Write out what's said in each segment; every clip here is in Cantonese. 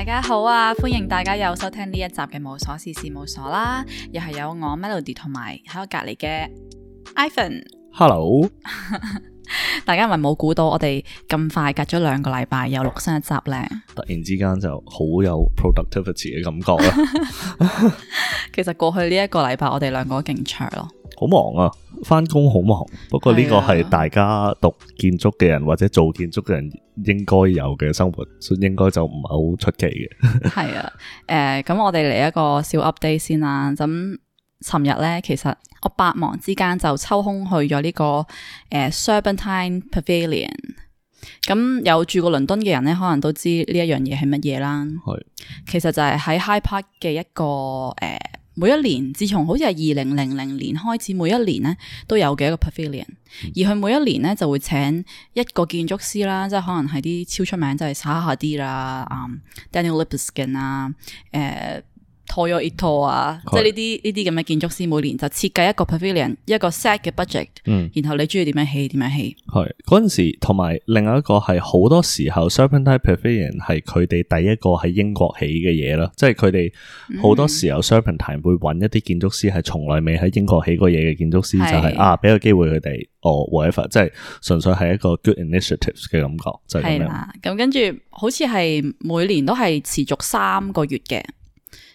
大家好啊！歡迎大家又收聽呢一集嘅無瑣事事務所啦，又係有我 Melody 同埋喺我隔籬嘅 Ivan。Hello， 大家係咪冇估到我哋咁快隔咗兩個禮拜又錄新一集咧？突然之間就好有 productivity 嘅感覺啦 其實過去呢一個禮拜我哋兩個都勁長咯，好忙啊！翻工好忙，不過呢個係大家讀建築嘅人或者做建築嘅人應該有嘅生活，應該就唔係好出奇嘅的。係啊、 呃，誒，咁我哋嚟一個小 update 先啦。咁，尋日呢，其實我百忙之間就抽空去咗呢、這個誒 Serpentine Pavilion。咁、呃嗯、有住過倫敦嘅人呢，可能都知呢一樣嘢係乜嘢啦。係的，其實就係喺 High Park 嘅一個誒。呃每一年，自從好似係二零零零年開始，每一年咧都有嘅一個 Pavilion，而佢每一年咧就會請一個建築師啦，即係可能係啲超出名，就係 Zaha Hadid 啲啦，嗯，Daniel Libeskind 啊，uh、誒。Toyo Ito 啊，即係呢啲呢啲咁嘅建築師，每年就設計一個 pavilion、嗯、一個 set 嘅 budget，然後你中意點樣起，點樣起。係嗰陣時，同埋另外一個係好多時候，Serpentine Pavilion 係佢哋第一個喺英國起嘅嘢咯。即係佢哋好多時候、嗯、Serpentine 會揾一啲建築師係從來未喺英國起過嘢嘅建築師，的就係、是、啊俾個機會佢哋，哦 whatever，即係純粹係一個 good initiatives 嘅感覺。係、就、啦、是，咁跟住好似係每年都係持續三個月嘅。嗯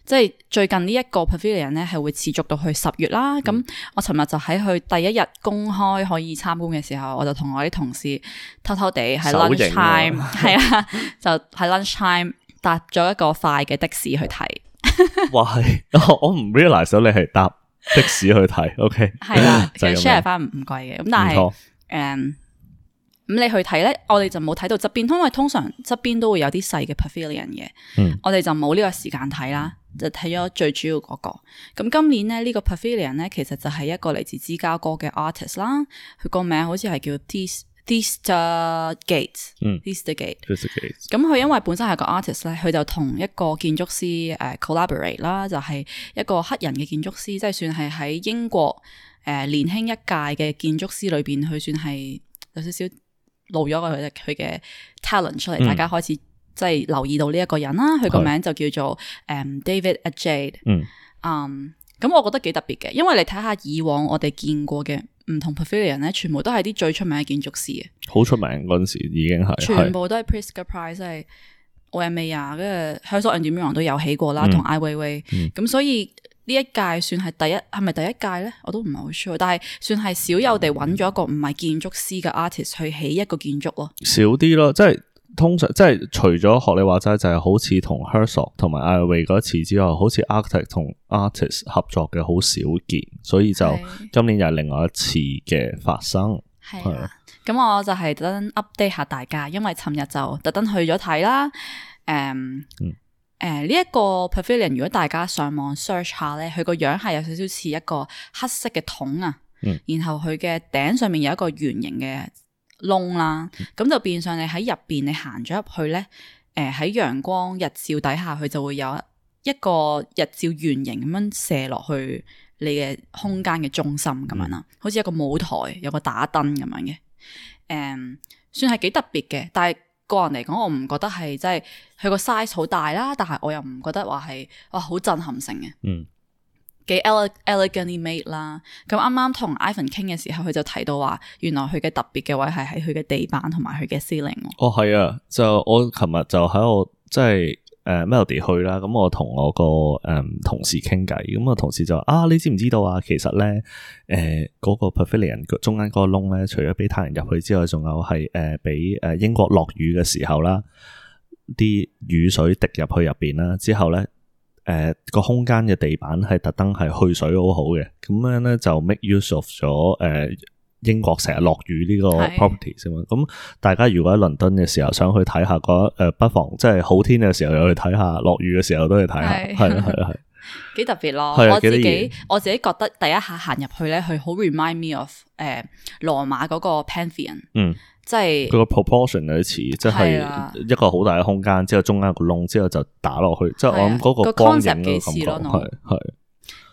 即係最近呢一個 pavilion 咧，係會持續到去十月啦。咁我尋日就喺佢第一日公開可以參觀嘅時候，我就同我啲同事偷偷地喺 lunch time，係型 啊，就喺 lunch time 搭咗一個快嘅的，的士去睇。 哇！係，我唔 realize 到你係搭的士去睇。OK，係啦，其實 share 翻唔貴嘅，咁但係誒。錯咁你去睇咧，我哋就冇睇到側邊，因為通常側邊都會有啲細嘅 Pavilion 嘅，嗯、我哋就冇呢個時間睇啦，就睇咗最主要嗰、那個。咁今年咧呢、這個 Pavilion 咧，其實就係一個嚟自芝加哥嘅 artist 啦，佢個名好似係叫 Theaster Gates, Theaster、嗯、Gates, Theaster Gates。咁佢因為本身係個 artist 咧，佢就同一個建築師誒、呃、collaborate 啦，就係、是、一個黑人嘅建築師，即係算係喺英國誒、呃、年輕一屆嘅建築師裏邊，佢算係有少少。露咗佢佢嘅 talent 出嚟，嗯、大家開始即係留意到呢一個人啦。佢個、嗯、名就叫做誒、um, David Adjaye。嗯，啊、嗯，咁我覺得幾特別嘅，因為你睇下以往我哋見過嘅唔同 profile 人咧，全部都係啲最出名嘅建築師嘅。好出名嗰陣時，已經係全部都係 Pritzker Prize 係 OMA 呀跟住 Herzog & de Meuron 都有起過啦，同 Ai Weiwei、嗯。咁所以。嗯嗯呢一屆算係第一，係咪第一屆咧？我都唔係好 sure，但係算係少有地搵咗一個唔係建築師嘅 artist 去起一個建築咯。嗯、少啲咯，即係通常即係除咗學你話齋就係、是、好似同 Herschel 同埋 Ivy 嗰一次之外，好似 architect 同 artist art 合作嘅好少見，所以就今年又係另外一次嘅發生。係啊，咁我就係特登 update 下大家，因為尋日就特登去咗睇啦。誒、um,，嗯。誒，呢一、呃這個 pavilion 如果大家上網 search 下咧，佢個樣係有少少似一個黑色嘅桶啊，嗯、然後佢嘅頂上面有一個圓形嘅窿啦，咁、嗯、就變相你喺入邊你行咗入去咧，誒、呃、喺陽光日照底下，佢就會有一個日照圓形咁樣射落去你嘅空間嘅中心咁樣啦，好似、嗯、一個舞台有個打燈咁樣嘅，誒、呃，算係幾特別嘅，但係。個人嚟講，我唔覺得係即係佢個 size 好大啦，但係我又唔覺得話係哇好震撼性嘅，嗯，幾 elegantly made 啦。咁啱啱同 Ivan 傾嘅時候，佢就提到話，原來佢嘅特別嘅位係喺佢嘅地板同埋佢嘅 ceiling。哦，係啊，就我琴日就喺我即係。誒、uh, Melody 去啦，咁我同我個誒、um, 同事傾偈，咁我同事就話：啊，你知唔知道啊？其實咧，誒、呃、嗰、那個 Pavilion 中間嗰個窿咧，除咗俾他人入去之外，仲有係誒俾誒英國落雨嘅時候啦，啲雨水滴入去入邊啦，之後咧，誒、呃、個空間嘅地板係特登係去水好好嘅，咁樣咧就 make use of 咗誒。呃英國成日落雨，呢個 property 先嘛的，咁、嗯、大家如果喺倫敦嘅時候想去睇下，嗰不妨即係好天嘅時候又去睇下，落雨嘅時候都去睇下的。係啊的，係啊，係，幾特別咯！的我自己我自己覺得第一下行入去咧，佢好 remind me of 誒、呃、羅馬嗰個 Pantheon，嗯，即係佢個 proportion 有啲似，即係、就是、一個好大嘅空間，之後中間有一個窿，之後就打落去，即係的我諗嗰個 concept 嘅感覺，嗯嗯嗯嗯嗯。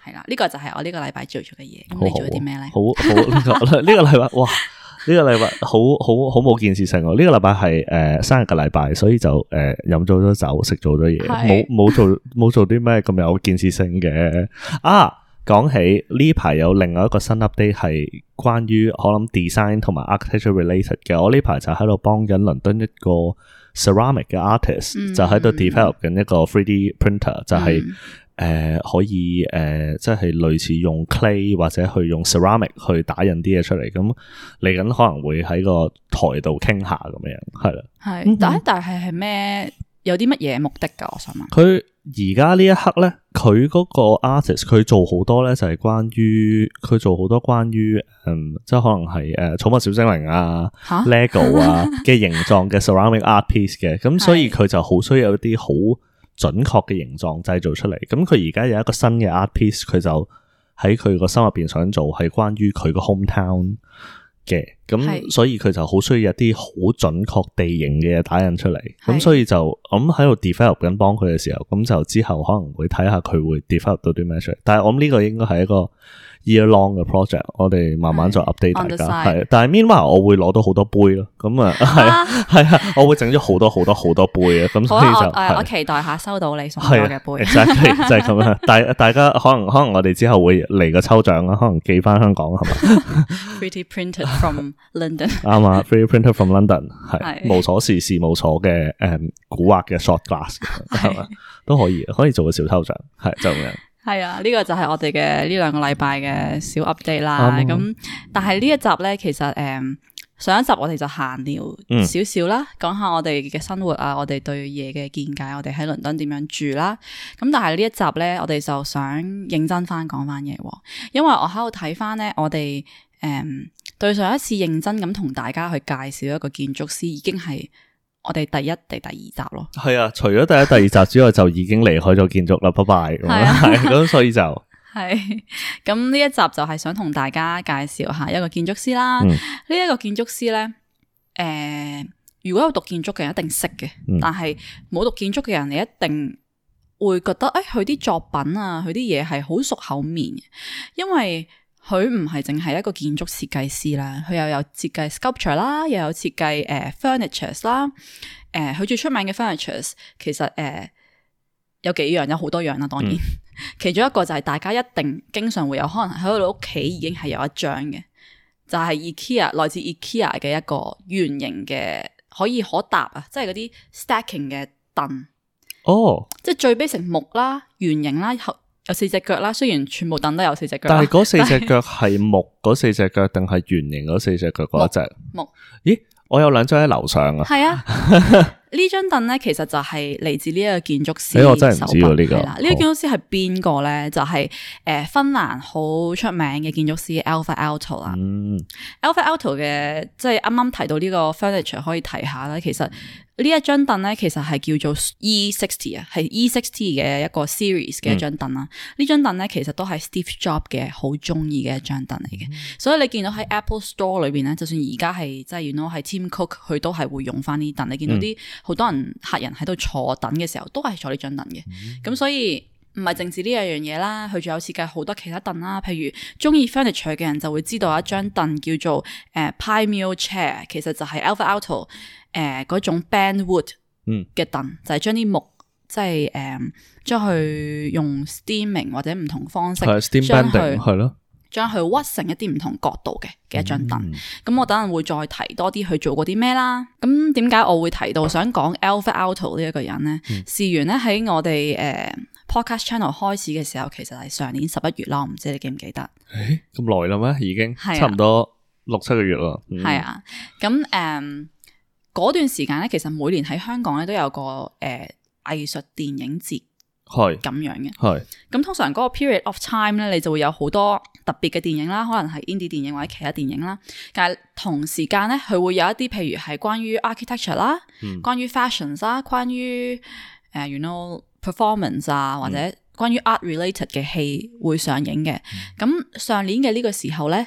係啦，呢、這個就係我呢個禮拜做咗嘅嘢。咁好你做咗啲咩咧？好，好，呢、這個呢個禮拜，哇，呢、這個禮拜、這個、好好好冇建設性、啊。呢、這個禮拜係誒生日嘅禮拜，所以就誒飲咗好多酒，食咗好多嘢，冇冇是做冇做啲咩咁有建設性嘅、啊。啊，講起呢排有另外一個新 update 係關於可能 design 同埋 architecture related 嘅。我呢排就喺度幫緊倫敦一個 ceramic 嘅 artist 嗯嗯就喺度 develop 緊一個 three D printer 就係、嗯。誒、呃，可以誒、呃，即係類似用 clay 或者去用 ceramic 去打印啲嘢出嚟，咁嚟緊可能會喺個台度傾下咁樣，係啦。係，但但係係咩？有啲乜嘢目的噶？我想問。佢而家呢一刻咧，佢嗰個 artist 佢做好多咧，就係、是、關於佢做好多關於嗯，即係可能係誒，寵、呃、物小精靈啊，啊，lego 啊嘅 形狀嘅 ceramic art piece 嘅，咁 所以佢就好需要有一啲好。準確嘅形狀製造出嚟，咁佢而家有一個新嘅 art piece，佢就喺佢個心入邊想做係關於佢個 hometown 嘅，咁是所以佢就好需要一啲好準確地形嘅嘢打印出嚟，咁是所以就，咁喺度 develop 緊幫佢嘅時候，咁就之後可能會睇下佢會 develop 到啲咩出嚟。但係我諗呢個應該係一個。Year long 嘅 project，我哋慢慢再 update 大家。係，但係 meanwhile 我會攞到好多杯咯。咁啊，係啊，係啊，我會整咗好多好多好多杯啊。咁所以就我期待下收到你所送嘅杯。就係咁樣。大大家可能可能我哋之後會嚟個抽獎啦，可能寄翻香港係嘛。Pretty printed from London。啱啊，Pretty printed from London 係無瑣事事務所嘅誒古惑嘅 shot glass 係嘛都可以，可以做個小抽獎係就咁樣。係啊，呢、這個就係我哋嘅呢兩個禮拜嘅小 update 啦。咁、嗯嗯、但係呢一集咧，其實誒上一集我哋就閒聊少少啦，講下我哋嘅生活啊，我哋對嘢嘅見解，我哋喺倫敦點樣住啦。咁但係呢一集咧，我哋就想認真翻講翻嘢，因為我喺度睇翻咧，我哋誒對上一次認真咁同大家去介紹一個建築師，已經係。我哋第一定第二集咯，係啊，除咗第一、第二集之外，就已經離開咗建築啦。 拜拜咁，啊、 所以就係咁呢一集就係想同大家介紹下一個建築師啦。呢一、嗯、個建築師咧，誒、呃，如果有讀建築嘅人一定識嘅，嗯、但係冇讀建築嘅人，你一定會覺得誒，佢、哎、啲作品啊，佢啲嘢係好熟口面，因為。佢唔係淨係一個建築設計師啦，佢又有設計 sculpture 啦，又有設計誒 furniture 啦、呃。誒，佢最出名嘅 furniture 其實誒、呃、有幾樣，有好多樣啦。當然，嗯、其中一個就係大家一定經常會有，可能喺佢屋企已經係有一張嘅，就係、是、IKEA 來自 IKEA 嘅一個圓形嘅可以可搭啊，即係嗰啲 stacking 嘅凳。哦，即係最 basic 木啦，圓形啦，有四隻腳啦，雖然全部凳都有四隻腳，但係嗰四隻腳係木嗰四隻腳，定係圓形嗰四隻腳嗰一隻木？咦，我有兩張喺樓上啊！係啊，呢張凳咧其實就係嚟自呢一個建築師、欸，我真唔知喎呢、這個。呢、這個建築師係邊個咧？就係誒芬蘭好出名嘅建築師 Alvar Aalto 啦。嗯 Alvar Aalto 嘅即係啱啱提到呢個 furniture 可以提下啦，其實。呢一張凳咧，其實係叫做 E60 啊，係 E60 嘅一個 series 嘅一張凳啦。呢、mm hmm. 張凳咧，其實都係 Steve Jobs 嘅好中意嘅一張凳嚟嘅。Mm hmm. 所以你見到喺 Apple Store 裏邊咧，就算而家係即係原來係 Tim Cook，佢都係會用翻呢啲凳。Mm hmm. 你見到啲好多人客人喺度坐凳嘅時候，都係坐呢張凳嘅。咁、mm hmm. 所以唔係淨止呢一樣嘢啦，佢仲有,有設計好多其他凳啦。譬如中意 furniture 嘅人就會知道一張凳叫做誒、uh, Paimio Chair，其實就係 Alvar Aalto。誒，嗰、呃、種 band wood 嘅凳就係將啲木即係誒，將、嗯、佢用 steaming 或者唔同方式，將佢係咯，將佢屈成一啲唔同角度嘅嘅一張凳。咁、嗯、我等陣會再提多啲去做過啲咩啦。咁點解我會提到想講 Alvar Aalto 呢一個人咧？嗯、事緣咧喺我哋誒、呃、podcast channel 開始嘅時候，其實係上年十一月啦，我唔知你記唔記得？誒、欸，咁耐啦咩？已經、啊、差唔多六七個月啦。係、嗯、啊，咁、嗯、誒。嗯嗯嗰段時間咧，其實每年喺香港咧都有個誒、呃、藝術電影節，係咁是 樣嘅。係咁是、嗯、通常嗰個 period of time 咧，你就會有好多特別嘅電影啦，可能係 indie 電影或者其他電影啦。但係同時間咧，佢會有一啲譬如係關於 architecture 啦、嗯、關於 fashions 啦、關於、uh, you know performance 啊，或者關於 art related 嘅戲會上映嘅。咁、嗯嗯、上年嘅呢個時候咧。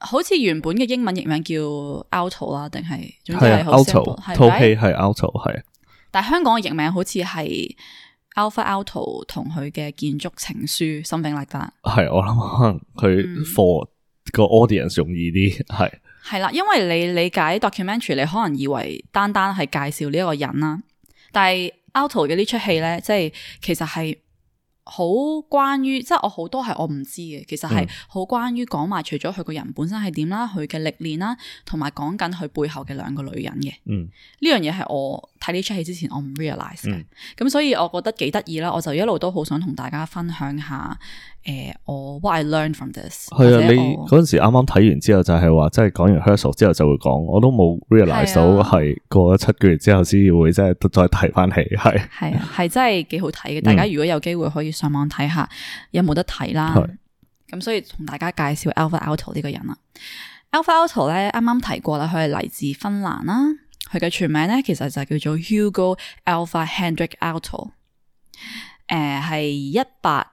好似原本嘅英文譯名叫 Aalto 啦，定係總之係好 similar 套戲係 Aalto，係。但係香港嘅譯名好似係 Alvar Aalto 同佢嘅建築情書，心平力大。係我諗可能佢 for 個 audience、嗯、容易啲，係。係啦，因為你理解 documentary，你可能以為單單係介紹呢一個人啦，但係 Aalto 嘅呢出戲咧，即係其實係。好關於即係我好多係我唔知嘅，其實係好關於講埋除咗佢個人本身係點啦，佢嘅歷練啦，同埋講緊佢背後嘅兩個女人嘅。嗯，呢樣嘢係我睇呢出戲之前我唔 realize 嘅，嗯，咁所以我覺得幾得意啦，我就一路都好想同大家分享下。誒、欸，我 what I learned from this 係啊的，你嗰陣時啱啱睇完之後就係話，即係講完 herself 之後就會講，我都冇 realise 到係過咗七個月之後先至會即係再提翻起，係係係真係幾好睇嘅。嗯、大家如果有機會可以上網睇下有冇得睇啦。咁的所以同大家介紹 Alvar Aalto 呢個人 Alvar 呢剛剛啊。Alvar Aalto 咧啱啱提過啦，佢係嚟自芬蘭啦，佢嘅全名咧其實就叫做 Hugo Alvar Henrik Aalto，誒、呃、係一八。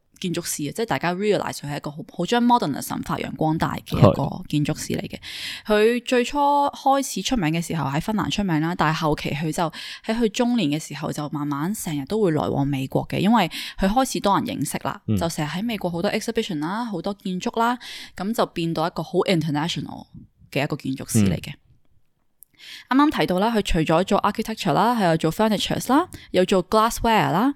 建築師啊，即係大家 realize 佢係一個好好將 modernism 發揚光大嘅一個建築師嚟嘅。佢是最初開始出名嘅時候喺芬蘭出名啦，但係後期佢就喺佢中年嘅時候就慢慢成日都會來往美國嘅，因為佢開始多人認識啦，嗯、就成日喺美國好多 exhibition 啦，好多建築啦，咁就變到一個好 international 嘅一個建築師嚟嘅。啱啱、嗯、提到啦，佢除咗做 architecture 啦，佢有做 furniture 啦，又做 glassware 啦。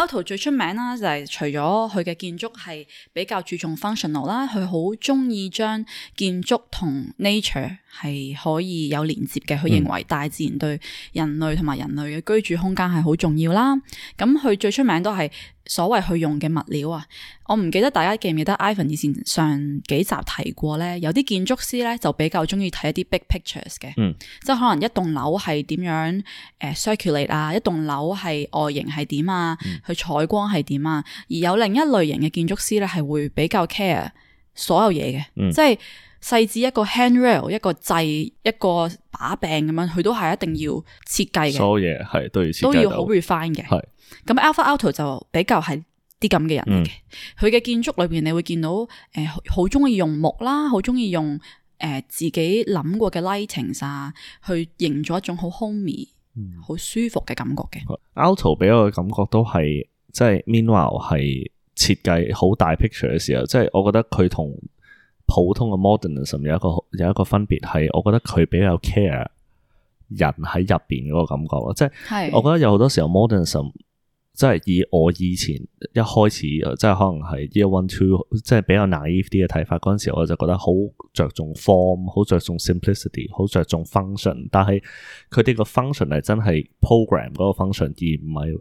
Aalto 最出名啦，就係除咗佢嘅建築係比較注重 functional 啦，佢好中意將建築同 nature 係可以有連接嘅，佢認為大自然對人類同埋人類嘅居住空間係好重要啦。咁佢最出名都係。所謂去用嘅物料啊，我唔記得大家記唔記得 Ivan 以前上幾集提過咧，有啲建築師咧就比較中意睇一啲 big pictures 嘅，嗯、即係可能一棟樓係點樣誒、呃、circulate 啊，一棟樓係外形係點啊，嗯、去採光係點啊，而有另一類型嘅建築師咧係會比較 care 所有嘢嘅，嗯、即係。細至一個 handrail，一個掣，一個把柄咁樣，佢都係一定要設計嘅。所有嘢係都要都要好 refine 嘅。係咁是，Alvar Aalto 就比較係啲咁嘅人。佢嘅、嗯、建築裏邊，你會見到誒好中意用木啦，好中意用誒、呃、自己諗過嘅 lighting 啊，去營造一種好 homey、嗯、好舒服嘅感覺嘅。Aalto、嗯、俾我嘅感覺都係即係 meanwhile 係設計好大 picture 嘅時候，即係我覺得佢同。普通嘅 modernism 有一個有一個分別係，我覺得佢比較 care 人喺入邊個感覺咯，即係我覺得有好多時候 modernism 即係以我以前一開始即係可能係 year one two 即係比較 naive 啲嘅睇法。嗰陣時我就覺得好着重 form，好着重 simplicity，好着重 function，但係佢哋個 function 係真係 program 嗰個 function，而唔係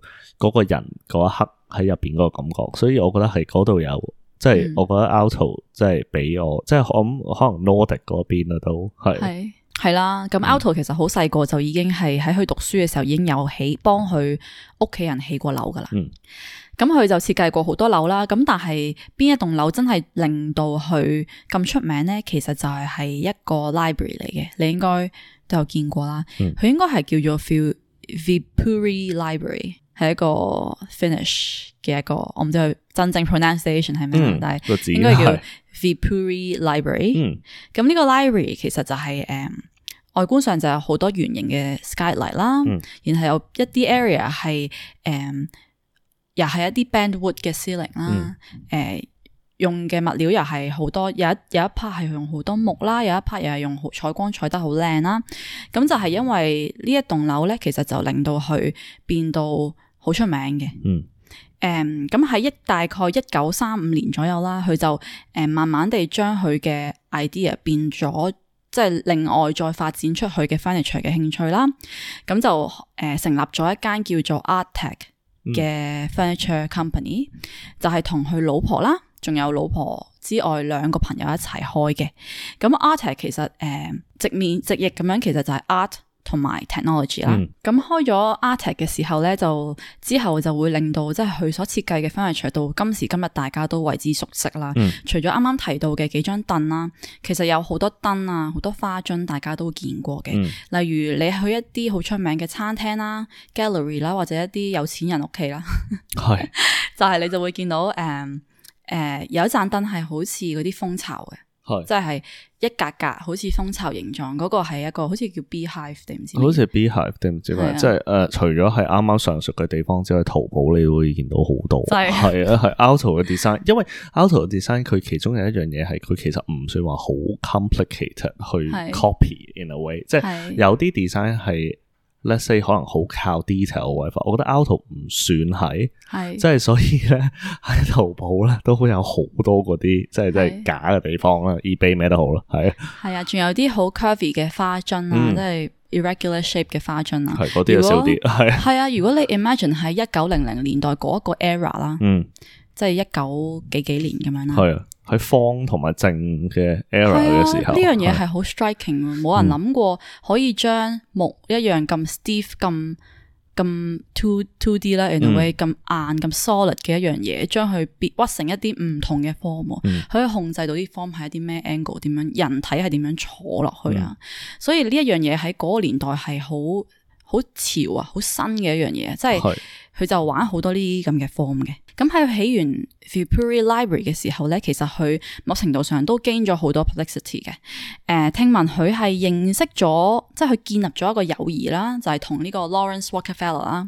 個人一刻喺入邊個感覺，所以我覺得係度有。即係我覺得 Aalto 即係俾我，嗯、即係可可能 Nordic 嗰邊啦，都係係啦。咁 Aalto 其實好細個就已經係喺佢讀書嘅時候已經有起幫佢屋企人起過樓噶、嗯、啦。咁佢就設計過好多樓啦。咁但係邊一棟樓真係令到佢咁出名咧？其實就係係一個 library 嚟嘅，你應該都有見過啦。佢、嗯、應該係叫做 Vipuri Library。係一個 Finnish 嘅一個，我唔知佢真正 pronunciation 係咩，嗯、但係應該叫 Vipuri Library。咁呢、嗯、個 library 其實就係、是、誒、呃、外觀上就有好多圓形嘅 skylight 啦、嗯，然後有一啲 area 係誒又係一啲 band wood 嘅 ceiling 啦、嗯，誒、呃、用嘅物料又係好多，有一有一 part 係用好多木啦，有一 part 又係用,用採光採得好靚啦。咁就係因為棟樓呢一棟樓咧，其實就令到佢變到。好出名嘅、嗯 um，嗯，誒，咁喺一大概一九三五年左右啦，佢就誒慢慢地將佢嘅 idea 變咗，即、就、係、是、另外再發展出去嘅 furniture 嘅興趣啦。咁就誒、呃、成立咗一間叫做 Artek 嘅 furniture company，嗯、就係同佢老婆啦，仲有老婆之外兩個朋友一齊開嘅。咁 Artek 其實誒、呃、直面直譯咁樣，其實就係 art。同埋 technology 啦，咁、嗯、開咗 Artek 嘅時候咧，就之後就會令到即係佢所設計嘅氛圍，除到今時今日大家都為之熟悉啦。嗯、除咗啱啱提到嘅幾張凳啦，其實有好多燈啊，好多花樽大家都見過嘅。嗯、例如你去一啲好出名嘅餐廳啦、啊、gallery 啦、啊，或者一啲有錢人屋企啦，係 是 就係你就會見到誒誒、呃呃、有一盞燈係好似嗰啲蜂巢嘅。即係一格格好似蜂巢形狀，嗰、那個係一個好似叫 beehive 定唔知，好似 beehive 定唔知即係誒、呃，除咗係啱啱上述嘅地方之外，淘寶你會見到好多，係是啊係 Aalto 嘅 design，因為 Aalto 嘅 design 佢其中有一樣嘢係，佢其實唔算要話好 complicated 去 copy 是、啊、in a way，即係有啲 design 係。less t a y 可能好靠 d 啲就違法，我覺得 out 淘唔算係，係是即係所以咧喺淘寶咧都，是都好有好多嗰啲即係即係假嘅地方啦，e b a y 咩都好啦，係啊，係啊，仲有啲好 curvy 嘅花樽啊，即係 irregular shape 嘅花樽啊，係嗰啲少啲，係係啊，如果你 imagine 喺一九零零年代嗰一個 era 啦，嗯，即係一九幾幾年咁樣啦，係啊。喺方同埋正嘅 error 嘅、啊、時候，呢樣嘢係好 striking，冇是人諗過可以將木一樣咁 stiff 咁咁 two two D 啦，in a way 咁、嗯、硬咁 solid 嘅一樣嘢，將佢變屈成一啲唔同嘅 form，嗯、佢可以控制到啲 form 係一啲咩 angle，點樣人體係點樣坐落去啊？嗯、所以呢一樣嘢喺嗰個年代係好。好潮啊，好新嘅一樣嘢，即係佢就玩好多呢啲咁嘅 form 嘅。咁喺佢起完 Viipuri Library 嘅時候呢，其實佢某程度上都 gain 咗好多 publicity 嘅。誒、呃，聽聞佢係認識咗，即係佢建立咗一個友誼啦，就係同呢個 Lawrence Rockefeller 啦。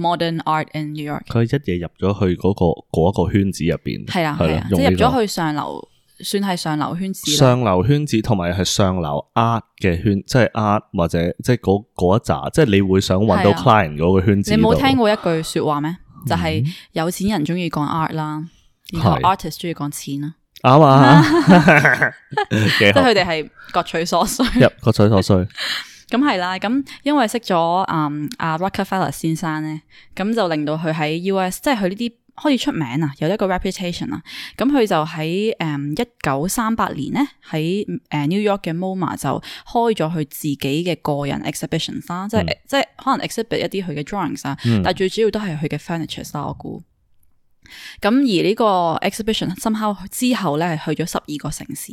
modern art in New York，佢一嘢入咗去嗰個、嗰個圈子入邊，係啊係啊，啊呢個、即係入咗去上流，算係上流圈，圈子，上流圈子同埋係上流 art 嘅圈，即係 art 或者即係嗰一扎，即係你會想揾到 client 嗰個圈子。啊、你冇聽過一句說話咩？嗯、就係有錢人中意講 art 啦、嗯，而 artist 中意講錢啊。」啱啊？即係佢哋係各取所需，入 各取所需。咁係啦，咁 因為識咗嗯阿 Rockefeller、啊、先生咧，咁、嗯、就令到佢喺 U.S. 即係佢呢啲開始出名啊，有一個 reputation 啊，咁、嗯、佢、嗯、就喺誒一九三八年咧喺誒 New York 嘅 Moma 就開咗佢自己嘅個人 exhibition 啦，即係即係可能 exhibit 一啲佢嘅 drawings 啊，但係最主要都係佢嘅 furniture 啦，我、嗯、估。咁而呢個 exhibition somehow 之後咧，去咗十二個城市。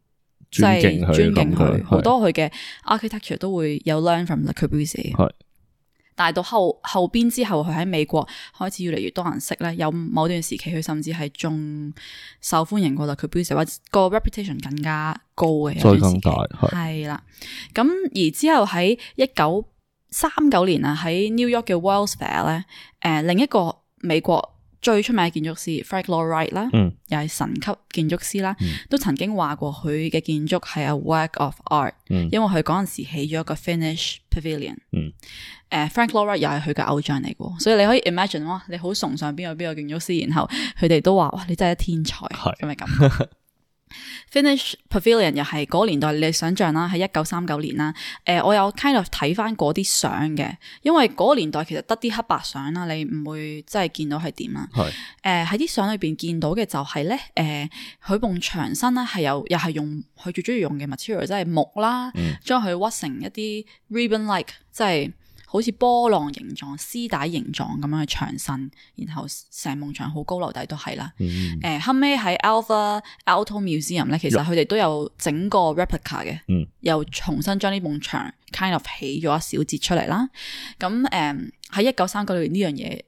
即係尊敬佢，好的多佢嘅 architecture 都會有 learn from c u b 勒克 s 斯的。 但係到後後邊之後，佢喺美國開始越嚟越多人識咧，有某段時期佢甚至係仲受歡迎過 b 克比 s 或者個 reputation 更加高嘅一的段時期。係啦的，咁的而之後喺一九三九年啊，喺 New York 嘅 Wells Fair 咧、呃，誒另一個美國。最出名嘅建築師 Frank Lloyd Wright 啦，又係、嗯、神級建築師啦，嗯、都曾經話過佢嘅建築係 a work of art、嗯、因為佢嗰陣時起咗一個 Finnish Pavilion，誒 Frank Lloyd 又係佢嘅偶像嚟嘅，所以你可以 imagine 哇，你好崇尚邊個邊個建築師，然後佢哋都話哇你真係一天才，係咪咁？ Finnish Pavilion 又係嗰個年代，你想象啦，喺一九三九年啦，誒、呃，我有 kind of 睇翻嗰啲相嘅，因為嗰個年代其實得啲黑白相啦，你唔會真係見到係點啦。係誒喺啲相裏邊見到嘅就係、是、咧，誒、呃，佢用牆身咧係有又係用佢最中意用嘅 material，即係木啦，將佢、嗯、屈成一啲 ribbon-like，即係。好似波浪形狀、絲帶形狀咁樣嘅牆身，然後成棟牆好高，樓底都係啦。誒、嗯欸、後尾喺 Alvar Aalto Museum 咧，其實佢哋都有整個 replica 嘅，嗯、又重新將呢棟牆 kind of 起咗一小截出嚟啦。咁誒喺一九三九年呢樣嘢，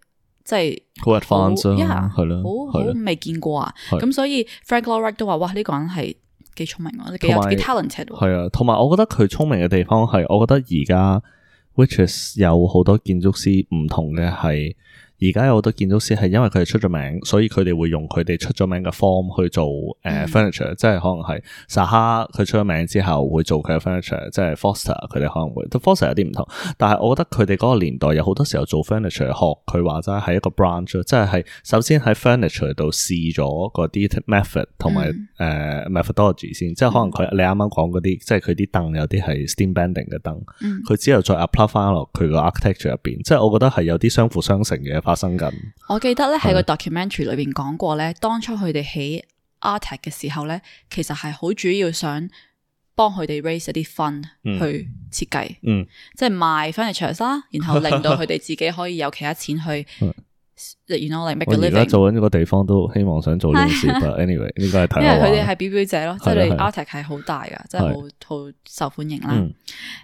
即係好 advance，係好好未見過啊！咁所以 Frank Lloyd 都話：哇，呢個人係幾聰明啊！幾有幾 talented 喎。係啊，同埋我覺得佢聰明嘅地方係，我覺得而家。which is 有好多建築師唔同嘅嘅。而家有好多建築師係因為佢哋出咗名，所以佢哋會用佢哋出咗名嘅 form 去做誒 furniture，嗯、即係可能係 Zaha 佢出咗名之後會做佢嘅 furniture，即係 Foster 佢哋可能會同 Foster 有啲唔同，但係我覺得佢哋嗰個年代有好多時候做 furniture 學佢話齋係一個 branch，即係係首先喺 furniture 度試咗嗰啲 method 同埋誒 methodology 先，即係可能佢你啱啱講嗰啲，即係佢啲凳有啲係 steam bending 嘅凳，佢之後再 apply 翻落佢個 architecture 入邊，即係我覺得係有啲相輔相成嘅發生緊，我記得咧喺個 documentary 裏邊講過咧，是的 當初佢哋起 Artek 嘅時候咧，其實係好主要想幫佢哋 raise 一啲 fund 去設計，嗯，即係賣 furniture 啦，然後令到佢哋自己可以有其他錢去。然後嚟 make a living。我而家做緊呢個地方都希望想做呢件事，但係 anyway，而家係台因為佢哋係表表者咯， 的即係 Artek 係好大噶，即係好好受歡迎啦。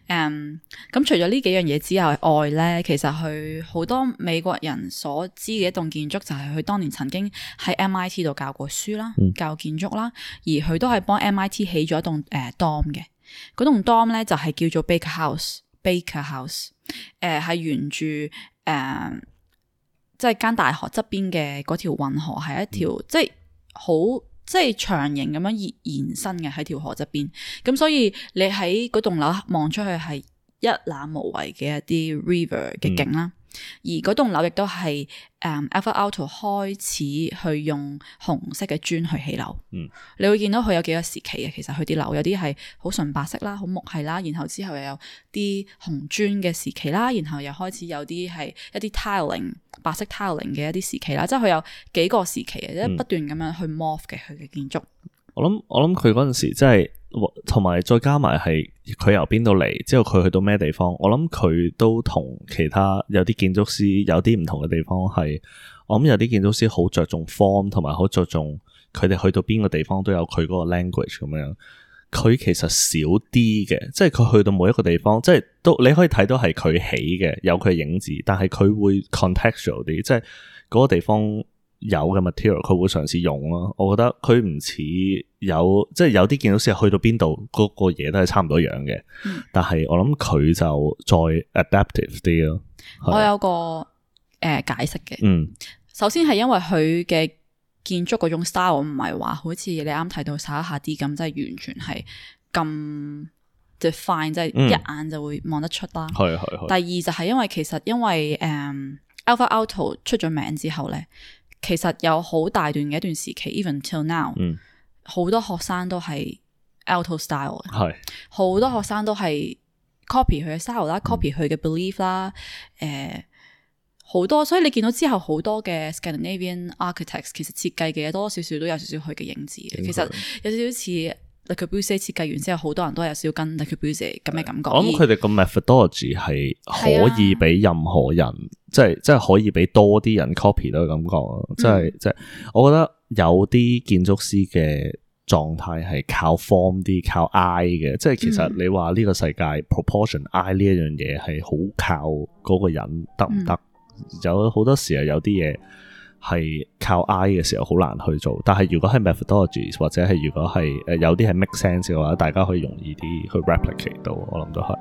嗯，咁、um, 除咗呢幾樣嘢之外，外咧，其實佢好多美國人所知嘅一棟建築就係佢當年曾經喺 MIT 度教過書啦，嗯、教建築啦，而佢都係幫 MIT 起咗一棟誒 dorm 嘅。嗰棟 dorm 咧就係叫做 House, Baker House，Baker House，誒、呃、係沿住誒。Uh, 即係間大學側邊嘅嗰條運河係一條、嗯、即係好即係長形咁樣延伸嘅喺條河側邊，咁所以你喺嗰棟樓望出去係一覽無遺嘅一啲 river 嘅景啦。嗯而嗰棟樓亦都係誒 Aalto 開始去用紅色嘅磚去起樓，嗯、你會見到佢有幾個時期嘅。其實佢啲樓有啲係好純白色啦，好木係啦，然後之後又有啲紅磚嘅時期啦，然後又開始有啲係一啲 tiling 白色 tiling 嘅一啲時期啦，即係佢有幾個時期，嘅、嗯，即不斷咁樣去 morph 嘅佢嘅建築。我諗我諗佢嗰陣時真，即係同埋再加埋係佢由邊度嚟，之後佢去到咩地方，我諗佢都同其他有啲建築師有啲唔同嘅地方係，我諗有啲建築師好着重 form，同埋好着重佢哋去到邊個地方都有佢嗰個 language 咁樣。佢其實少啲嘅，即係佢去到每一個地方，即係都你可以睇到係佢起嘅有佢嘅影子，但係佢會 contextual 啲，即係嗰個地方。有嘅 material，佢會嘗試用咯、啊。我覺得佢唔似有，即係有啲建築師去到邊度，嗰、那個嘢都係差唔多樣嘅。但係我諗佢就再 adaptive 啲咯、啊。我有個誒、呃、解釋嘅。嗯，首先係因為佢嘅建築嗰種 style 唔係話好似你啱睇到晒下啲咁，即係完全係咁即係一眼就會望得出啦。係係、嗯、第二就係因為其實因為誒、嗯、Alvar Aalto 出咗名之後咧，其實有好大段嘅一段時期，even till now，好、嗯、多學生都係 Aalto style，係好是多學生都係 cop、嗯、copy 佢嘅 style 啦，copy 佢嘅 belief 啦、呃，誒好多，所以你見到之後好多嘅 Scandinavian architects 其實設計嘅嘢多多少少都有少少佢嘅影子嘅，其實有少少似。佢 builder 設計完之後，好多人都有少跟，佢 builder 咁嘅感覺。我諗佢哋個 methodology 係可以俾任何人，即係即係可以俾多啲人 copy 到嘅感覺。即係即係，我覺得有啲建築師嘅狀態係靠 form 啲，靠 eye 嘅。即係其實你話呢個世界、嗯、proportion eye 呢一樣嘢係好靠嗰個人得唔得？行行嗯、有好多時候有啲嘢。係靠 I 嘅時候好難去做，但係如果係 methodologies 或者係如果係誒有啲係 make sense 嘅話，大家可以容易啲去 replicate 到，我諗都係。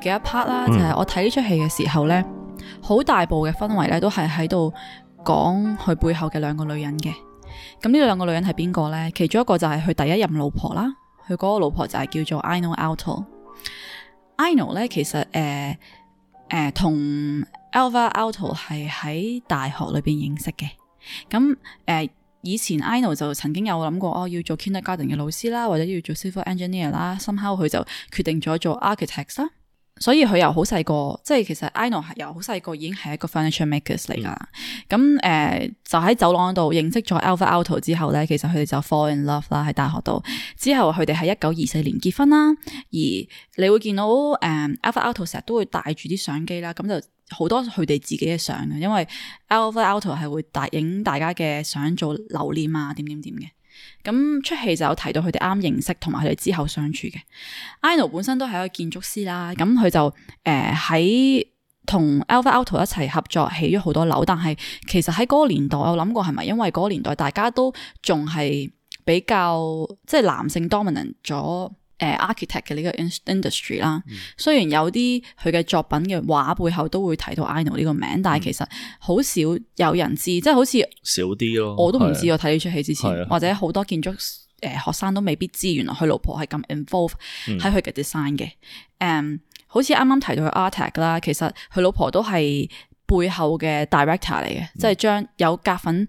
幾一 part 啦，嗯、就係我睇呢出戲嘅時候咧，好大部嘅氛圍咧都係喺度講佢背後嘅兩個女人嘅。咁呢兩個女人係邊個咧？其中一個就係佢第一任老婆啦。佢嗰個老婆就係叫做 Aino Aalto。Aino 咧其實誒誒、呃、同、呃、Alvar Aalto 係喺大學裏邊認識嘅。咁誒、呃、以前 Aino 就曾經有諗過，我、哦、要做 kindergarten 嘅老師啦，或者要做 civil engineer 啦。somehow 佢就決定咗做 architect 啦。所以佢又好細個，即係其實 I 諾又好細個，已經係一個 furniture makers 嚟噶啦。咁誒、嗯呃、就喺走廊度認識咗 Alpha Auto 之後咧，其實佢哋就 fall in love 啦喺大學度。之後佢哋喺一九二四年結婚啦。而你會見到誒 Alpha Auto 成日都會帶住啲相機啦，咁就好多佢哋自己嘅相嘅，因為 Alpha Auto 係會大影大家嘅相做留念啊，點點點嘅。咁出戲就有提到佢哋啱認識同埋佢哋之後相處嘅，Aino 本身都係一個建築師啦，咁佢就誒喺、呃、同 Alvar Aalto 一齊合作起咗好多樓，但係其實喺嗰個年代，我諗過係咪因為嗰個年代大家都仲係比較即係、就是、男性 dominant 咗。誒、uh, architect 嘅呢個 industry 啦、嗯，雖然有啲佢嘅作品嘅畫背後都會提到 Aino 呢個名，嗯、但係其實好少有人知，即係好似少啲咯。我都唔知、啊、我睇呢出戲之前，啊、或者好多建築誒學生都未必知，原來佢老婆係咁 involve 喺佢嘅、嗯、design 嘅。誒，um, 好似啱啱提到佢 Artek 啦，其實佢老婆都係背後嘅 director 嚟嘅，嗯、即係將有夾份。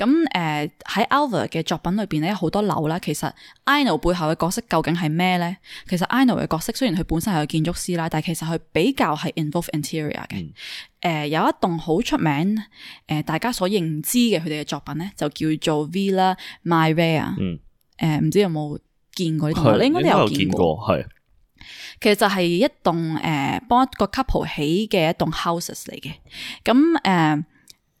咁誒喺、嗯、Alvar 嘅作品裏邊咧，有好多樓啦。其實 Ino 背後嘅角色究竟係咩咧？其實 Ino 嘅角色雖然佢本身係個建築師啦，但係其實佢比較係 involve interior 嘅。誒、嗯呃、有一棟好出名誒、呃、大家所認知嘅佢哋嘅作品咧，就叫做 Villa Mairea。嗯誒唔、呃、知有冇見過呢個？你應該，都應該有見過係。其實就係一棟誒、呃、幫一個 couple 起嘅一棟 houses 嚟嘅。咁、嗯、誒。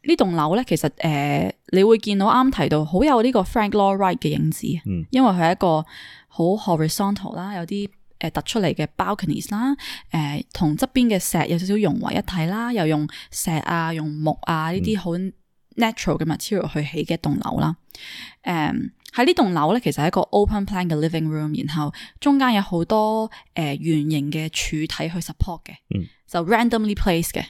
棟樓呢棟樓咧，其實誒、呃，你會見到啱提到，好有呢個 Frank Lloyd Wright 嘅影子，嗯、因為佢係一個好 horizontal 啦，有啲誒突出嚟嘅 balconies 啦，誒同側邊嘅石有少少融為一體啦，又用石啊、用木啊、嗯、呢啲好 natural 嘅 material 去起嘅棟樓啦。誒喺呢棟樓咧，其實係一個 open plan 嘅 living room，然後中間有好多誒圓、呃、形嘅柱體去 support 嘅，嗯、就 randomly place 嘅。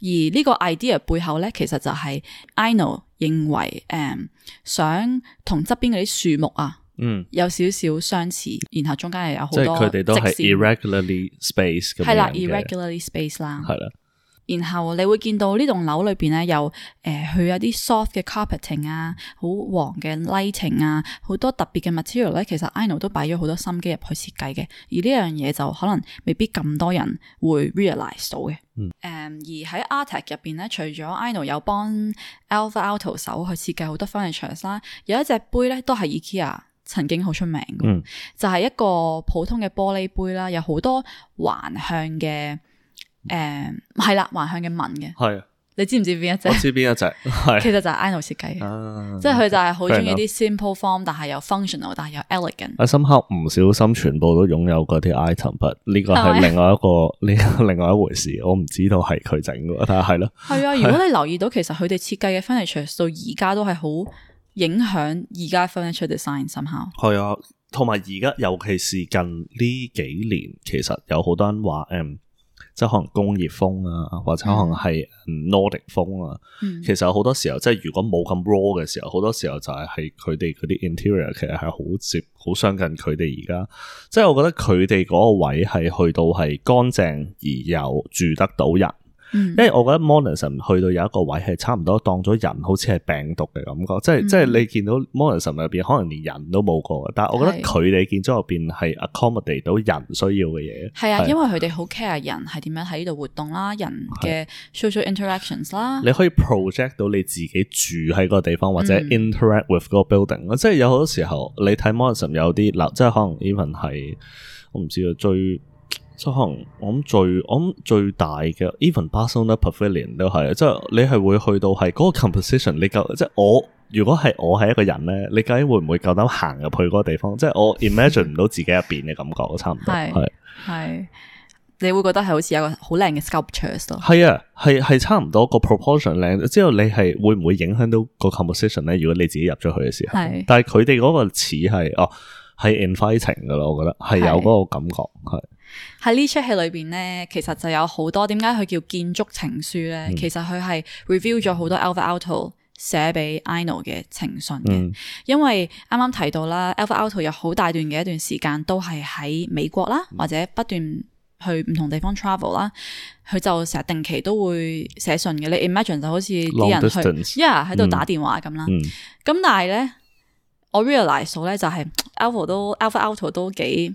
而呢個 idea 背後咧，其實就係、是、Aalto 認為，誒、um，想同側邊嗰啲樹木啊，嗯，有少少相似，然後中間又有好多即係佢哋都係 irregularly space 係、嗯、啦，irregularly space 啦。係啦。然後你會見到呢棟樓裏邊咧，呃、有誒佢有啲 soft 嘅 carpeting 啊，好黃嘅 lighting 啊，好多特別嘅 material 咧，其實 Aino 都擺咗好多心機入去設計嘅。而呢樣嘢就可能未必咁多人會 realize 到嘅。嗯，誒，而喺 Artek 入邊咧，除咗 Aino 有幫 Alvar Aalto 手去設計好多 furniture 啦，有一隻杯咧都係 IKEA 曾經好出名嘅，嗯、就係一個普通嘅玻璃杯啦，有好多橫向嘅。誒，係啦、um,，橫向嘅紋嘅，係的你知唔知邊一隻？知邊一隻？係， 其實就係 Aino 設計嘅，啊、即係佢就係好中意啲 simple form，但係又 functional，但係又 elegant。阿 somehow 唔小心全部都擁有嗰啲 item，但呢個係另外一個，呢的另外一回事，我唔知道係佢整嘅，但係係咯。係啊，如果你留意到， 其實佢哋設計嘅 furniture 到 design, 而家都係好影響而家 furniture design。somehow 係啊，同埋而家尤其是近呢幾年，其實有好多人話，誒、嗯。即係可能工業風啊，或者可能係 Nordic 風啊。嗯、其實好多時候，即係如果冇咁 raw 嘅時候，好多時候就係佢哋嗰啲 interior 其實係好接，好相近佢哋而家。即係我覺得佢哋嗰個位係去到係乾淨而又住得到人。嗯、因為我覺得 Modernism 去到有一個位係差唔多當咗人，好似係病毒嘅感覺，嗯、即係即係你見到 Modernism 入邊可能連人都冇過，嗯、但係我覺得佢哋建築入邊係 accommodate 到人需要嘅嘢。係啊，是因為佢哋好 care 人係點樣喺呢度活動啦，是人嘅 social interactions 啦。你可以 project 到你自己住喺個地方，嗯、或者 interact with 嗰個 building，嗯、即係有好多時候你睇 Modernism 有啲嗱，即係可能 even 係我唔知道最。即係我諗最我諗最大嘅，even Barcelona Pavilion 都係，即係你係會去到係嗰個 composition，你夠即係我如果係我係一個人咧，你究竟會唔會夠膽行入去嗰個地方？即係我 imagine 唔到自己入邊嘅感覺，差唔多係係你會覺得係好似一個好靚嘅 sculptures 咯，係啊，係係差唔多個 proportion 靚。之後你係會唔會影響到個 composition 咧？如果你自己入咗去嘅時候，係是但係佢哋嗰個似係哦係 inviting 嘅咯，我覺得係有嗰個感覺係。是喺呢出戲裏邊咧，其實就有好多點解佢叫建築情書咧？嗯、其實佢係 review 咗好多 Alvar Aalto 寫俾 Aino 嘅情信嘅。嗯、因為啱啱提到啦、嗯、，Alvar Aalto 有好大段嘅一段時間都係喺美國啦，嗯、或者不斷去唔同地方 travel 啦，佢就成日定期都會寫信嘅。你 Imagine 就好似啲人去 Long distance，yeah 喺度打電話咁啦。咁但係咧，我 realize 咗咧就係 Alvar 都 Alvar Aalto 都，都幾。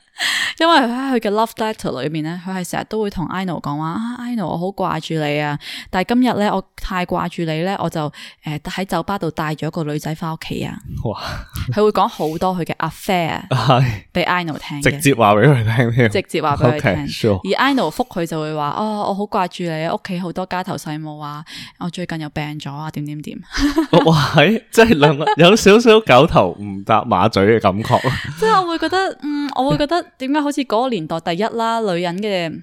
因為喺佢嘅 Love Letter 裏面，咧，佢係成日都會同 Aino 講話，Aino 我好掛住你啊！Know, 你但係今日咧，我太掛住你咧，我就誒喺、呃、酒吧度帶咗個女仔返屋企啊！佢會講好多佢嘅 Affair 俾 Aino 聽，tres 直接話俾佢聽添，直接話俾佢聽。Okay. 而 Aino 覆佢就會話：，哦，我好掛住你，屋企好多家頭細務啊，我最近又病咗啊，點點點。哇！ 即係兩個有少少狗頭唔搭馬嘴嘅感覺即 係 我會覺得，嗯，我會覺得。點解好似嗰個年代第一啦？女人嘅，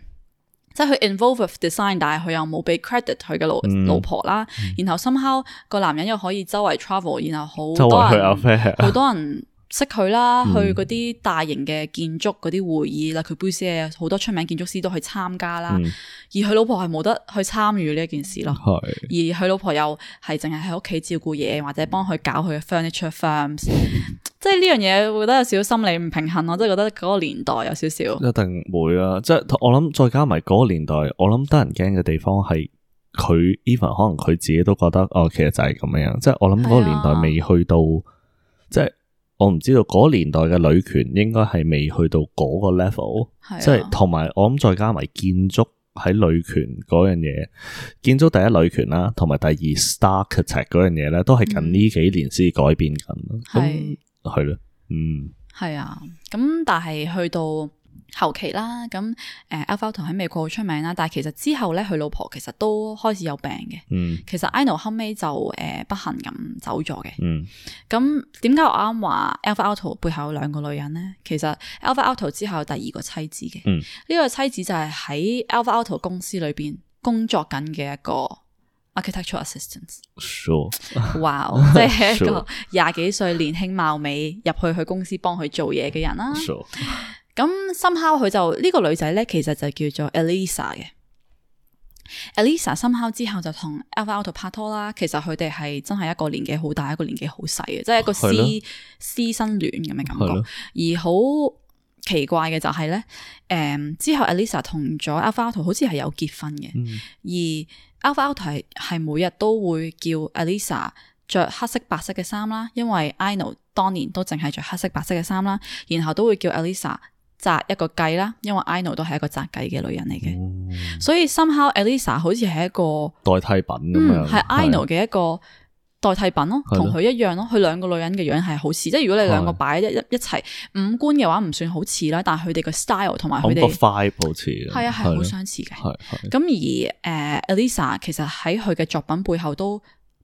即係佢 involve with design，但係佢又冇俾 credit 佢嘅老、嗯、老婆啦。然後深口個男人又可以周圍 travel，然後好多人好多人識佢啦。嗯、去嗰啲大型嘅建築嗰啲會議啦，佢 business 好多出名建築師都去參加啦。嗯、而佢老婆係冇得去參與呢件事咯。係是而佢老婆又係淨係喺屋企照顧嘢，或者幫佢搞佢 furniture firms 即係呢樣嘢，我覺得有少少心理唔平衡咯，即係覺得嗰個年代有少少一定會啊！即係我諗再加埋嗰個年代，我諗得人驚嘅地方係佢 even 可能佢自己都覺得哦，其實就係咁樣樣。即係我諗嗰個年代未去到，即係我唔知道嗰個年代嘅女權應該係未去到嗰個 level。即係同埋我諗再加埋建築喺女權嗰樣嘢，建築第一女權啦，同埋第二 starchitect 嗰樣嘢咧，都係近呢幾年先改變緊。係。係咯，嗯，係啊，咁但係去到後期啦，咁誒、呃、Alvar Aalto 喺美國好出名啦，但係其實之後咧，佢老婆其實都開始有病嘅，嗯，其實 Aino 後尾就誒、呃、不幸咁走咗嘅，嗯，咁點解我啱話 Alvar Aalto 背後有兩個女人咧？其實 Alvar Aalto 之後有第二個妻子嘅，嗯，呢個妻子就係喺 Alvar Aalto 公司裏邊工作緊嘅一個。architectural assistants，sure，哇，都係一個廿幾歲年輕貌美入去去公司幫佢做嘢嘅人啦，sure，咁 somehow 佢就呢、這個女仔咧，其實就叫做 Elisa 嘅。Elisa somehow 之後就同 Alvar Aalto 拍拖啦，其實佢哋係真係一個年紀好大，一個年紀好細嘅，即係一個師師生戀咁嘅感覺。了而好奇怪嘅就係、是、咧，誒、嗯、之後 Elisa 同咗 Alvar Aalto 好似係有結婚嘅，嗯、而 Alvar Aalto 係每日都會叫 Elissa 着黑色白色嘅衫啦，因為 Aino 當年都淨係着黑色白色嘅衫啦，然後都會叫 Elissa 紮一個髻啦，因為 Aino 都係一個紮髻嘅女人嚟嘅，哦、所以 somehow Elissa 好似係一個代替品咁樣，嗯，係 Aino 嘅一個。代替品咯，同佢一樣咯，佢兩個女人嘅樣係好似，即係如果你兩個擺一一一齊五官嘅話唔算好似啦，但係佢哋嘅 style 同埋佢哋，個 style 好似，係啊係好相似嘅。咁而誒，Elissa 其實喺佢嘅作品背後都。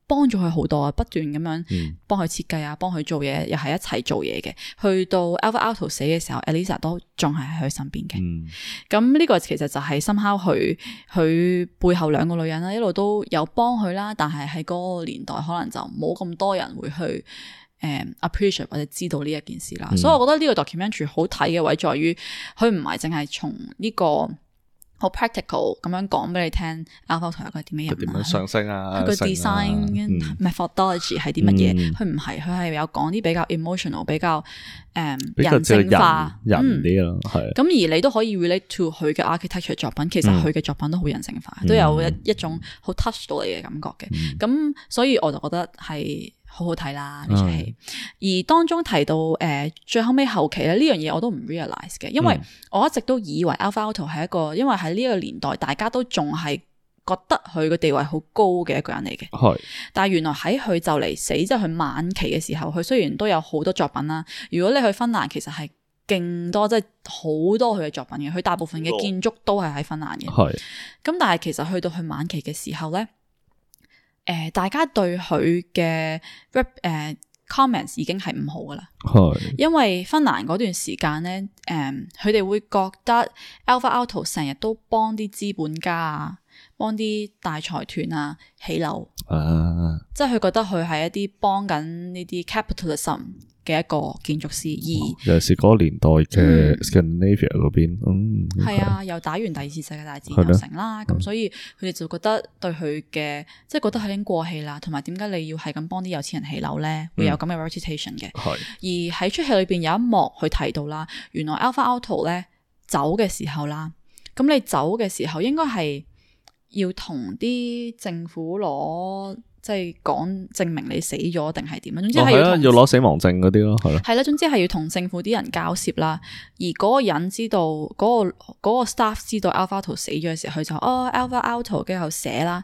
幫助佢好多啊，不斷咁樣幫佢設計啊，幫佢、嗯、做嘢，又係一齊做嘢嘅。去到 Alvar Aalto 死嘅時候，Elisa 都仲係喺佢身邊嘅。咁呢個其實就係深刻佢佢背後兩個女人啦，一路都有幫佢啦。但係喺嗰個年代，可能就冇咁多人會去誒、呃、appreciate 或者知道呢一件事啦。嗯、所以我覺得呢個 documentary 好睇嘅位在於，佢唔係淨係從呢個。好 practical 咁樣講俾你聽 Aalto 係佢啲咩人上升啊，佢個 design methodology 係啲乜嘢？佢唔係，佢係、嗯、有講啲比較 emotional，比較誒人性化，人啲咯。係咁而你都可以 relate to 佢嘅 architecture 作品，其實佢嘅作品都好人性化，都有一一種好 touch 到你嘅感覺嘅。咁、嗯嗯、所以我就覺得係。好好睇啦呢出戲。嗯、而當中提到誒、呃、最後尾後期咧，呢樣嘢我都唔 realize 嘅，因為我一直都以為 Aalto 係一個，因為喺呢一個年代大家都仲係覺得佢個地位好高嘅一個人嚟嘅。係、嗯，但係原來喺佢就嚟死，即係佢晚期嘅時候，佢雖然都有好多作品啦。如果你去芬蘭，其實係勁多，即係好多佢嘅作品嘅。佢大部分嘅建築都係喺芬蘭嘅。係、哦，咁但係其實去到佢晚期嘅時候咧。誒、呃，大家對佢嘅 r comments 已經係唔好噶啦，係 因為芬蘭嗰段時間咧，誒佢哋會覺得 Alvar Aalto 成日都幫啲資本家啊，幫啲大財團啊起樓， 即係佢覺得佢係一啲幫緊呢啲 capitalism。嘅一個建築師，而又是嗰年代嘅 Scandinavia 嗰邊，嗯，係啊，又打完第二次世界大戰又成啦，咁的所以佢哋就覺得對佢嘅，嗯、即係覺得佢已經過氣啦，同埋點解你要係咁幫啲有錢人起樓咧？會有咁嘅 reputation 嘅，嗯、而喺出戲裏邊有一幕佢提到啦，原來 Alvar Aalto 咧走嘅時候啦，咁你走嘅時候應該係要同啲政府攞。即係講證明你死咗定係點啊？總之係要、哦啊、要攞死亡證嗰啲咯，係咯、啊。係啦，總之係要同政府啲人交涉啦。而嗰個人知道嗰、那個、那個 staff 知道 Aalto 死咗嘅時候，佢就哦 Aalto，跟住寫啦，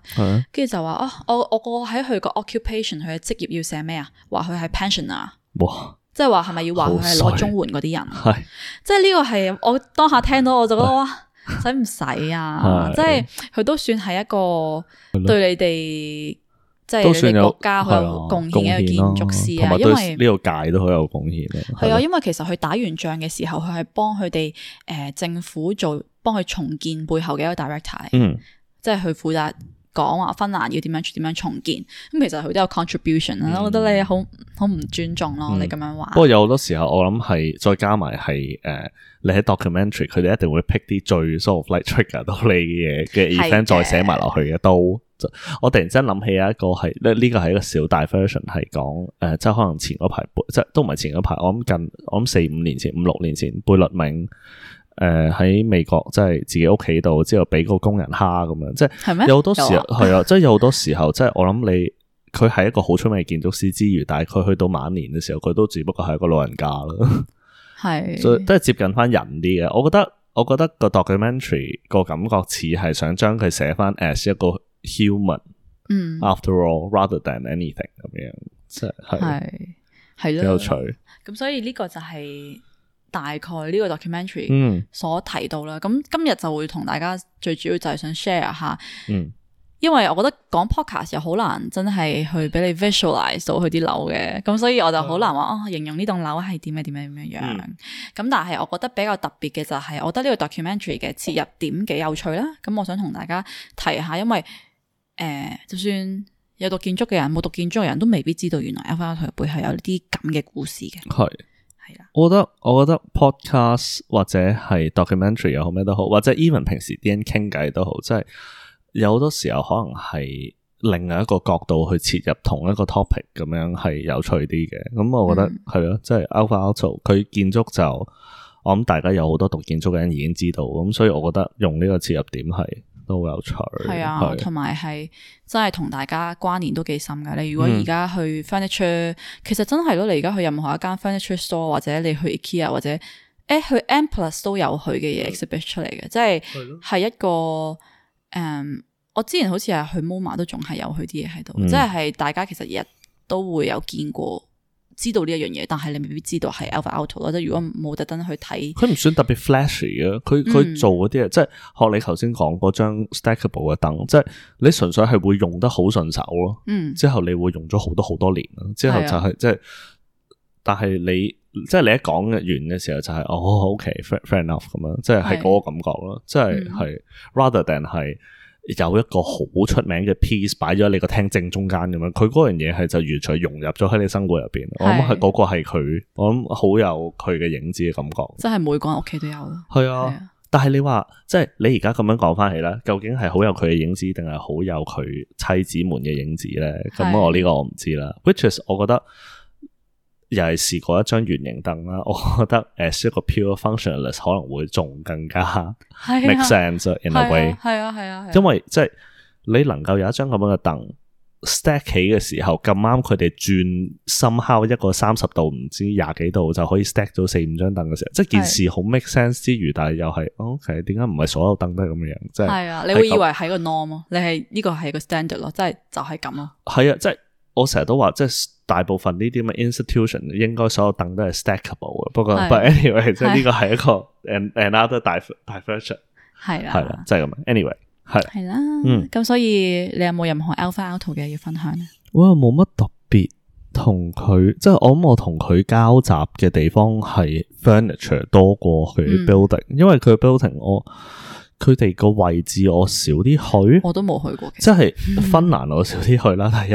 跟住、啊、就話哦，我我我喺佢個 occupation，佢嘅職業要寫咩啊？話佢係 pension 啊、er,。哇！即係話係咪要話佢係攞綜援嗰啲人？係即係呢個係我當下聽到我就覺得是哇，使唔使啊？是即係佢都算係一個對你哋。即係你哋國家去貢獻一個建築師啊，因為呢個界都好有貢獻。係啊，因為其實佢打完仗嘅時候，佢係幫佢哋誒政府做幫佢重建背後嘅一個 director、嗯、即係去負責講話芬蘭要點樣點樣重建。咁其實佢都有 contribution 啊、嗯，我覺得你好好唔尊重咯，嗯、你咁樣話。不過有好多時候，我諗係再加埋係誒，你喺 documentary，佢哋一定會 pick 啲最 sort of like trigger 到你嘅嘅 event，再寫埋落去嘅都。我突然之間諗起有一個係呢？呢個係一個小大 version，係講誒，即係可能前嗰排即係都唔係前嗰排。我諗近我諗四五年前、五六年前，貝聿銘誒喺美國即係自己屋企度之後俾個工人蝦咁樣，即係有好多時係嗎、嗯、啊，即係有好多時候，即係我諗你佢係一個好出名嘅建築師之餘，但係佢去到晚年嘅時候，佢都只不過係一個老人家啦，係所以都係接近翻人啲嘅。我覺得我覺得個 documentary 個感覺似係想將佢寫翻 s, 一個。human，嗯，after all rather than anything 咁樣、嗯，即係係係啦，是有趣。咁所以呢個就係大概呢個 documentary 嗯所提到啦。咁、嗯、今日就會同大家最主要就係想 share 下，嗯，因為我覺得講 podcast 又好難真係去俾你 visualize 到佢啲樓嘅，咁所以我就好難話、嗯、哦形容呢棟樓係點樣點樣咁樣樣。咁、嗯、但係我覺得比較特別嘅就係，我覺得呢個 documentary 嘅切入點幾有趣啦。咁我想同大家提下，因為。誒、呃，就算有讀建築嘅人，冇讀建築嘅人都未必知道，原來 Aalto 背後有啲咁嘅故事嘅。係係啦，我覺得我覺得 podcast 或者係 documentary 又好咩都好，或者 even 平時啲人傾偈都好，即係有好多時候可能係另外一個角度去切入同一個 topic 咁樣係有趣啲嘅。咁我覺得係咯，即係 Aalto 佢建築就，我諗大家有好多讀建築嘅人已經知道，咁所以我覺得用呢個切入點係。都好有趣，係啊，同埋係真係同大家關聯都幾深噶。你如果而家去 furniture、嗯、其實真係咯，你而家去任何一間 furniture store 或者你去 IKEA 或者誒去 M+ 都有佢嘅嘢 exhibit 出嚟嘅，即係係一個誒的、嗯，我之前好似係去 MoMA 都仲係有佢啲嘢喺度，嗯、即係係大家其實日都會有見過。知道呢一樣嘢，但係你未必知道係 Alvar Aalto 咯。即係如果冇特登去睇，佢唔算特別 flashy 佢佢、嗯、做嗰啲啊，即係學你頭先講嗰張 stackable 嘅燈，即、就、係、是、你純粹係會用得好順手咯。嗯、之後你會用咗好多好多年啦。之後就係即係，但係你即係、就是、你一講完嘅時候、就是，oh, okay, fair, fair 嗯、就係哦，okay, fair fair enough 咁樣，即係係嗰個感覺咯。即係係 rather than 係。有一個好出名嘅 piece 擺咗喺你個廳正中間咁樣，佢嗰樣嘢係就完全融入咗喺你生活入邊是、那個。我諗係嗰個係佢，我諗好有佢嘅影子嘅感覺。即係每個人屋企都有咯。係啊，啊但係你話即係你而家咁樣講翻起啦，究竟係好有佢嘅影子，定係好有佢妻子們嘅影子咧？咁我呢個我唔知啦。是 Which is，我覺得。又係試過一張圓形凳啦，我覺得誒，一個 pure functionalist 可能會仲更加 make sense in a way。係啊，係啊，因為即係、就是、你能夠有一張咁樣嘅凳 stack 起嘅時候，咁啱佢哋轉 somehow 一個三十度唔知廿幾度就可以 stack 到四五張凳嘅時候，即係件事好 make sense 之餘，但係又係的、哦、，OK，點解唔係所有凳都係咁樣？即係係啊，你會以為係個 norm 咯的，你係呢個係個，個 standard 咯，即係就係咁咯。係啊，即係。我成日都話，即係大部分呢啲咁嘅 institution，應該所有凳都係 stackable 嘅。不過，But anyway，即係呢個係一個 another 大 furniture，係啦，係啦的，就係咁。的 anyway，係啦，係啦的。咁、嗯、所以你有冇任何 Aalto 嘅嘢要分享咧？就是、我冇乜特別，同佢即係我諗我同佢交集嘅地方係 furniture 多過佢 building，、嗯、因為佢 building 我。佢哋個位置我少啲去，我都冇去過。即係芬蘭我少啲去啦，嗯、第一，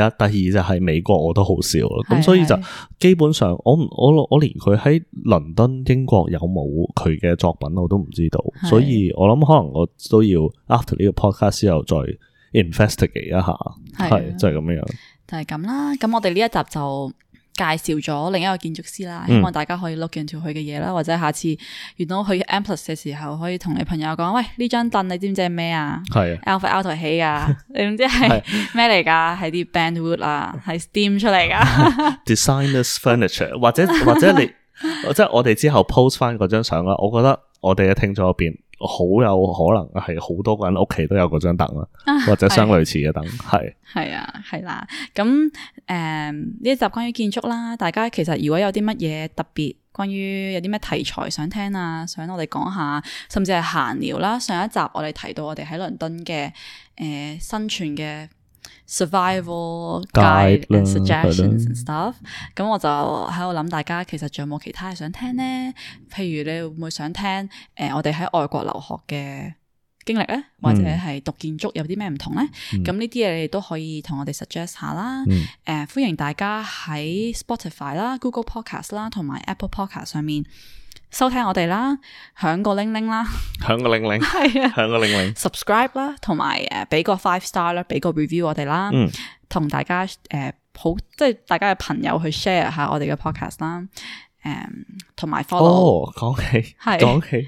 第二就係美國我都好少。咁的所以就基本上我我我連佢喺倫敦英國有冇佢嘅作品我都唔知道。的所以我諗可能我都要 after 呢個 podcast 之後再 investigate 一下，係的就係、是、咁樣。就係咁啦，咁我哋呢一集就介紹咗另一個建築師啦，希望大家可以 look into 佢嘅嘢啦，或者下次遇到去 Amplus 嘅時候，可以同你朋友講：喂，呢張凳你知唔知係咩啊？係是 Alvar Aalto 起啊？你唔 知係咩嚟㗎？係啲 Band Wood 啊，係 Steam 出嚟㗎。 Designer’s furniture，或者或者你，即係 我哋之後 post 翻嗰張相啦。我覺得我哋嘅聽咗一邊。好有可能係好多個人屋企都有嗰張凳啦，啊、或者相類似嘅凳，係係啊，係啦是。咁誒呢一集關於建築啦，大家其實如果有啲乜嘢特別，關於有啲咩題材想聽啊，想我哋講下，甚至係閒聊啦。上一集我哋提到我哋喺倫敦嘅誒、呃、生存嘅。Survival guide and suggestions and stuff，咁我就喺度諗，大家其實仲有冇其他嘢想聽呢？譬如你會唔會想聽誒、呃，我哋喺外國留學嘅經歷咧，或者係讀建築有啲咩唔同咧？咁呢啲嘢你哋都可以同我哋 suggest 下啦。誒、嗯呃，歡迎大家喺 Spotify 啦、Google Podcast 啦、同埋 Apple Podcast 上面。收聽我哋啦，響個鈴鈴啦，響個鈴鈴，係、嗯、啊，響個鈴鈴，subscribe 啦，同埋誒，俾個 five star 啦，俾個 review 我哋啦，嗯，同大家誒，好、哦，即係大家嘅朋友去 share 下我哋嘅 podcast 啦，誒，同埋 follow，講起，係是，講起，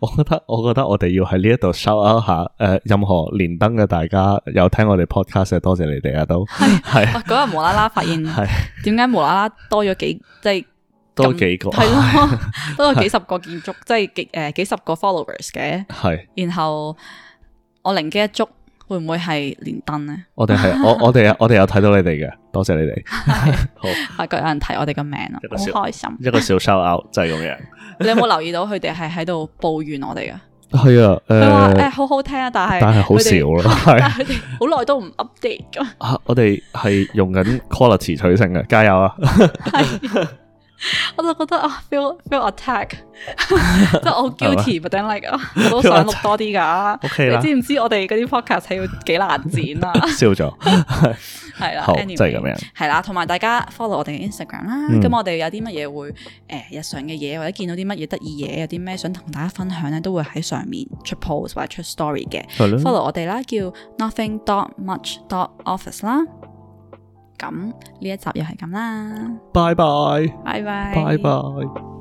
我覺得，我覺得我哋要喺呢一度 shout out 下，誒、呃，任何連登嘅大家有聽我哋 podcast，嘅多謝你哋啊，都係、 哦，係，嗰日無啦啦發現，點解無啦啦多咗幾，即係。都幾個係咯，都有幾十個建築，即係幾誒幾十個 followers 嘅。係，然後我靈機一觸，會唔會係連登咧？我哋係我我哋我哋有睇到你哋嘅，多謝你哋。好，發覺有人提我哋嘅名啊，好開心。一個小 shout out 就係咁樣。你有冇留意到佢哋係喺度抱怨我哋啊？係啊，佢話誒好好聽啊，但係但係好少咯，但係佢哋好耐都唔 update。啊，我哋係用緊 quality 取勝嘅，加油啊！我就覺得啊，feel feel attack，即係好 guilty，but then like 啊，我都想錄多啲噶。你知唔知我哋嗰啲 podcast 係要幾難剪啊？笑咗，係啦，anyway，即係咁樣，係啦，同埋大家 follow 我哋嘅 instagram 啦，咁我哋有啲乜嘢會誒日常嘅嘢，或者見到啲乜嘢得意嘢，有啲咩想同大家分享咧，都會喺上面出 post 或者出 story 嘅。follow 我哋啦，叫 nothing dot much dot office 啦。咁呢一集又係咁啦，拜拜，拜拜，拜拜。